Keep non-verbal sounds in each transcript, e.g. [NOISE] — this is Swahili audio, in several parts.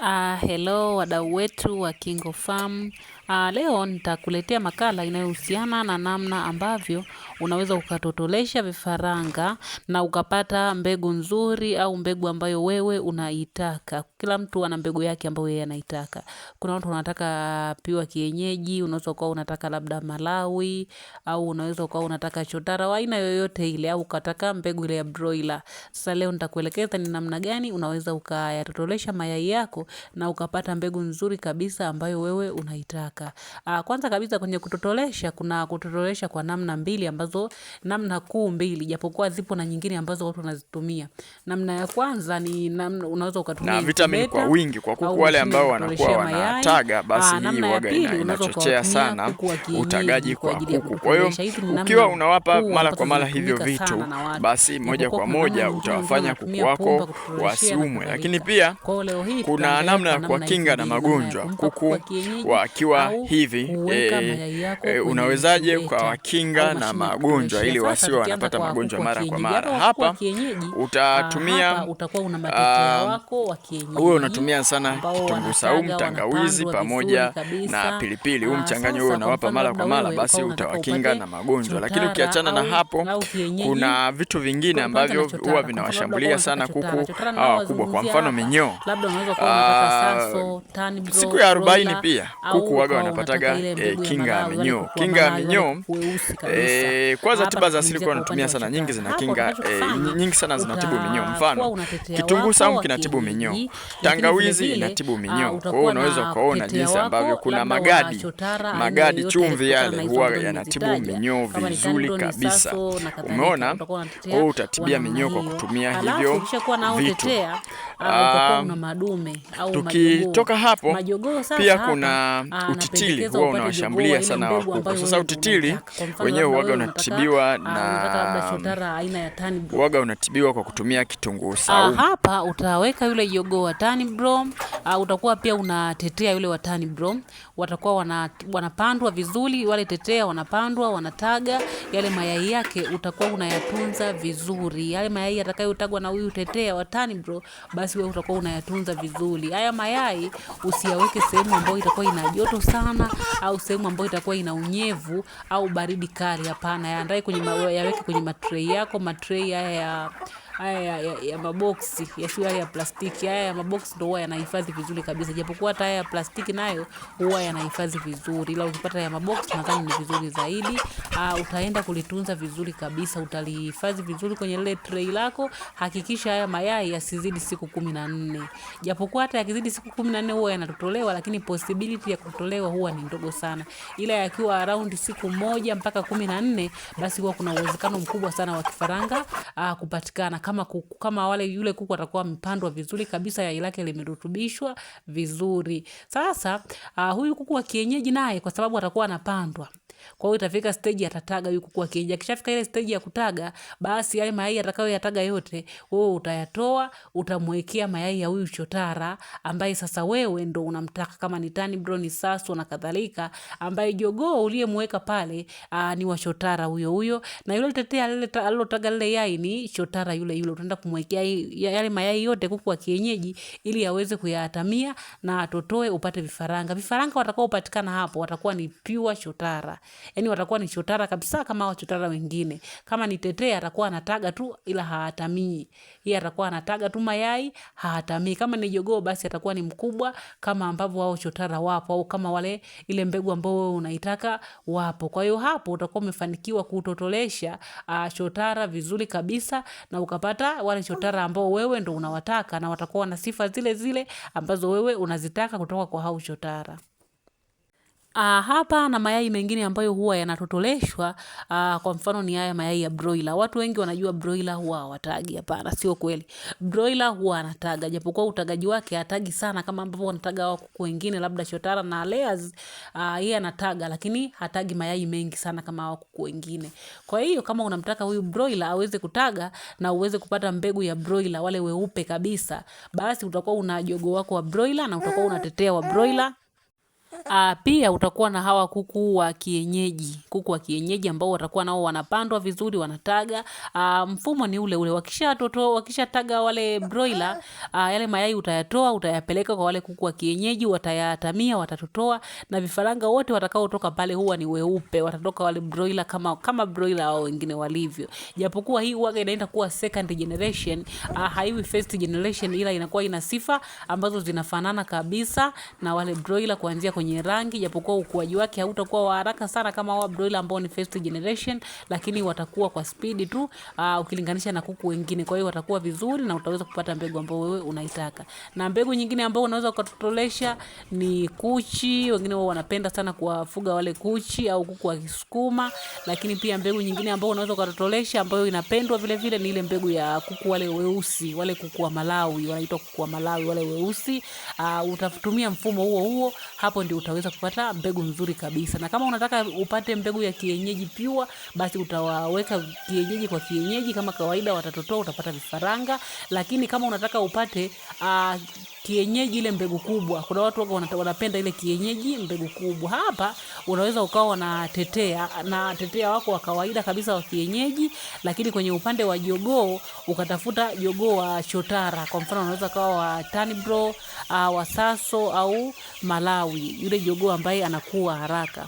Uh, hello wadau wetu wa Kingo Farm. Uh, leo nitakuletea makala inayohusiana na namna ambavyo unaweza ukatotolesha vifaranga na ukapata mbegu nzuri au mbegu ambayo wewe unaitaka. Kila mtu ana mbegu yake ambayo yeye anaitaka. Kuna watu wanataka piwa kienyeji, unaweza kuwa unataka labda Malawi au unaweza kuwa unataka chotara wa aina yoyote ile au ukataka mbegu ile ya broiler. Sasa leo nitakuelekeza ni namna gani unaweza ukayatotolesha mayai yako na ukapata mbegu nzuri kabisa ambayo wewe unaitaka. Aa, ah, Kwanza kabisa kwenye kutotolesha kuna kutotolesha kwa namna mbili ambazo namna kuu mbili japokuwa zipo na nyingine ambazo watu wanazitumia. Namna ya kwanza ni namna unaweza ukatumia na vitamini kwa wingi kwa kuku wale ambao wanakuwa wanataga, ah, basi hii waga inachochea sana utagaji kwa kuku. Kwa hiyo ukiwa unawapa mara kwa mara hivyo vitu, basi moja kwa moja utawafanya kuku wako wasiumwe, lakini pia kuna namna ya kuwakinga na magonjwa. Kuku wakiwa hivi e, e, unawezaje kuwakinga na magonjwa ili wasiwe wanapata magonjwa mara kwa yaani mara? Hapa utatumia ah, ah, wewe unatumia sana kitunguu saumu, tangawizi pamoja na pilipili. Huu ah, mchanganyo wewe unawapa mara kwa mara, basi utawakinga na magonjwa. Lakini ukiachana na hapo, kuna vitu vingine ambavyo huwa vinawashambulia sana kuku hawa wakubwa, kwa mfano minyoo. Ah, siku ya arobaini pia kuku waga wanapataga eh, kinga ya minyoo. Kinga ya minyoo eh, kwanza tiba za asili kwa wanatumia sana nyingi zina kinga eh, nyingi sana zinatibu minyoo. Mfano kitunguu saumu kinatibu minyoo, tangawizi inatibu ah, minyoo. Kwa hiyo unaweza ukaona jinsi ambavyo kuna magadi magadi, chumvi yale huwa yanatibu minyoo vizuri kabisa. Umeona, wewe utatibia minyoo kwa kutumia hivyo vitu tukitoka hapo pia kuna aa, ah, utitili huwa unawashambulia sana wakuku. Sasa utitili wenyewe uwaga unatibiwa ah, na uwaga unatibiwa kwa kutumia kitunguu ah, saumu. Hapa utaweka yule jogoo wa tanibrom, utakuwa pia unatetea yule wa tanibrom, watakuwa wana, wanapandwa vizuri wale tetea wanapandwa, wanataga yale mayai yake, utakuwa unayatunza vizuri yale mayai yatakayotagwa na huyu tetea wa tanibrom, basi wewe utakuwa unayatunza vizuri vizuri. Haya mayai usiyaweke sehemu ambayo itakuwa ina joto sana au sehemu ambayo itakuwa ina unyevu au baridi kali. Hapana, yaandae kwenye, yaweke kwenye matrei yako, matrei haya ya haya ya, ya, ya maboksi yasiyo haya ya plastiki. Haya ya maboksi ndio huwa yanahifadhi vizuri kabisa, japokuwa hata haya ya plastiki nayo huwa yanahifadhi vizuri, ila ukipata ya maboksi nadhani ni vizuri zaidi. Uh, utaenda kulitunza vizuri kabisa, utalihifadhi vizuri kwenye lile tray lako. Hakikisha haya mayai yasizidi siku kumi na nne, japokuwa hata yakizidi siku kumi na nne huwa yanatotolewa, lakini possibility ya kutolewa huwa ni ndogo sana, ila yakiwa around siku moja mpaka kumi na nne basi huwa kuna uwezekano mkubwa sana wa kifaranga uh, kupatikana kama kuku, kama wale yule kuku atakuwa amepandwa vizuri kabisa, yai lake limerutubishwa vizuri. Sasa uh, huyu kuku wa kienyeji naye kwa sababu atakuwa anapandwa kwa hiyo itafika stage atataga yuko kwa wa kienyeji. Akishafika ile stage ya kutaga, basi yale mayai atakayoyataga yote, wewe utayatoa, utamwekea mayai ya huyu chotara ambaye sasa wewe ndo unamtaka kama ni tani bro ni saso na kadhalika, ambaye jogoo uliyemweka pale aa, ah, ni wa chotara huyo huyo na yule tetea lile alilotaga lile yai ni chotara yule yule. Utaenda kumwekea yale mayai yote kuku wa kienyeji ili aweze kuyatamia na atotoe upate vifaranga. Vifaranga watakao patikana hapo watakuwa ni pure chotara yani watakuwa ni chotara kabisa kama hao chotara wengine. Kama ni Tete atakuwa anataga tu ila haatamii. Yeye atakuwa anataga tu mayai, haatamii. Kama ni jogoo basi atakuwa ni mkubwa kama ambavyo wao chotara wapo au kama wale ile mbegu ambayo wewe unaitaka wapo. Kwa hiyo hapo utakuwa umefanikiwa kutotolesha uh, chotara vizuri kabisa na ukapata wale chotara ambao wewe ndo unawataka na watakuwa na sifa zile zile ambazo wewe unazitaka kutoka kwa hao chotara. Uh, hapa na mayai mengine ambayo huwa yanatotoleshwa, uh, kwa mfano ni haya mayai ya broiler. Watu wengi wanajua broiler huwa hawatagi. Hapana, sio kweli. Broiler huwa anataga, japokuwa utagaji wake hatagi sana kama ambavyo wanataga hao kuku wengine, labda chotara na layers, Uh, yeye anataga, lakini hatagi mayai mengi sana kama hao kuku wengine. Kwa hiyo kama unamtaka huyu broiler aweze kutaga na uweze kupata mbegu ya broiler wale weupe kabisa, basi utakuwa una jogo wako wa broiler na utakuwa unatetea wa broiler. Uh, [LAUGHS] pia utakuwa na hawa kuku wa kienyeji, kuku wa kienyeji ambao watakuwa nao wanapandwa vizuri, wanataga. Uh, mfumo ni ule ule, wakisha toto, wakisha taga wale broiler uh, yale mayai utayatoa, utayapeleka kwa wale kuku wa kienyeji, watayatamia, watatotoa na vifaranga wote watakaotoka pale huwa ni weupe, watatoka wale broiler kama kama broiler au wengine walivyo, japokuwa hii huaga inaenda kuwa second generation uh, haiwi first generation, ila inakuwa ina sifa ambazo zinafanana kabisa na wale broiler kuanzia kwenye mwenye rangi, japokuwa ukuaji wake hautakuwa wa haraka sana kama wa broiler ambao ni first generation, lakini watakuwa kwa speed tu uh, ukilinganisha na kuku wengine. Kwa hiyo watakuwa vizuri na utaweza kupata mbegu ambayo wewe unaitaka. Na mbegu nyingine ambayo unaweza kutotolesha ni kuchi. Wengine wao wanapenda sana kuwafuga wale kuchi au kuku wa Kisukuma, lakini pia mbegu nyingine ambayo unaweza kutotolesha ambayo inapendwa vile vile ni ile mbegu ya kuku wale weusi, wale kuku wa Malawi wanaitwa kuku wa Malawi wale weusi. Uh, utatumia mfumo huo huo, hapo ndio utaweza kupata mbegu nzuri kabisa. Na kama unataka upate mbegu ya kienyeji piwa, basi utawaweka kienyeji kwa kienyeji kama kawaida, watatotoa, utapata vifaranga. Lakini kama unataka upate uh, kienyeji ile mbegu kubwa. Kuna watu wako wanapenda ile kienyeji mbegu kubwa. Hapa unaweza ukawa na tetea na tetea wako wa kawaida kabisa wa kienyeji, lakini kwenye upande wa jogoo ukatafuta jogoo wa chotara. Kwa mfano unaweza kawa wa Tanbro, uh, wa Saso au Malawi yule jogoo ambaye anakuwa haraka.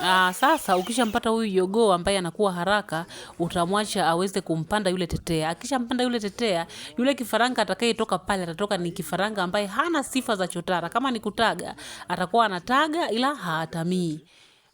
Aa, ah, sasa ukishampata huyu jogoo ambaye anakuwa haraka, utamwacha aweze kumpanda yule tetea. Akishampanda yule tetea, yule kifaranga atakayetoka pale atatoka ni kifaranga ambaye hana sifa za chotara. Kama ni kutaga, atakuwa anataga ila haatamii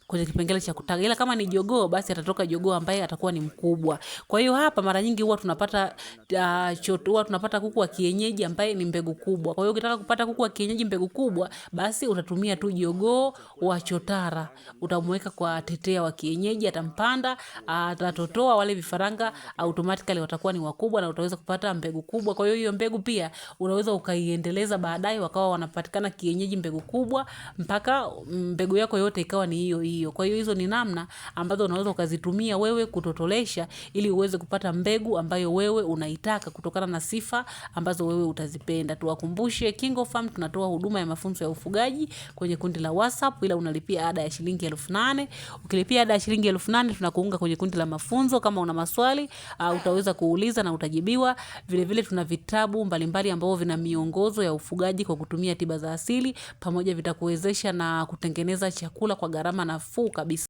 kwenye kipengele cha kutaga, ila kama ni jogoo basi atatoka jogoo ambaye atakuwa ni mkubwa. Kwa hiyo hapa mara nyingi huwa tunapata uh, choto, huwa tunapata kuku wa kienyeji ambaye ni mbegu kubwa. Kwa hiyo ukitaka kupata kuku wa kienyeji mbegu kubwa, basi utatumia tu jogoo wa chotara, utamweka kwa tetea wa kienyeji, atampanda, atatotoa wale vifaranga, automatically watakuwa ni wakubwa na utaweza kupata mbegu kubwa. Kwa hiyo hiyo mbegu pia unaweza ukaiendeleza baadaye, wakawa wanapatikana kienyeji mbegu kubwa mpaka mm, mbegu yako yote ikawa ni hiyo hiyo hiyo. Kwa hiyo hizo ni namna ambazo unaweza ukazitumia wewe kutotolesha ili uweze kupata mbegu ambayo wewe unaitaka kutokana na sifa ambazo wewe utazipenda. Tuwakumbushe KingoFarm tunatoa huduma ya mafunzo ya ufugaji kwenye kundi la WhatsApp ila unalipia ada ya shilingi elfu nane. Ukilipia ada ya shilingi elfu nane tunakuunga kwenye kundi la mafunzo. Kama una maswali uh, utaweza kuuliza na utajibiwa. Vile vile tuna vitabu mbalimbali ambavyo vina miongozo ya ufugaji kwa kutumia tiba za asili pamoja, vitakuwezesha na kutengeneza chakula kwa gharama na nafuu kabisa.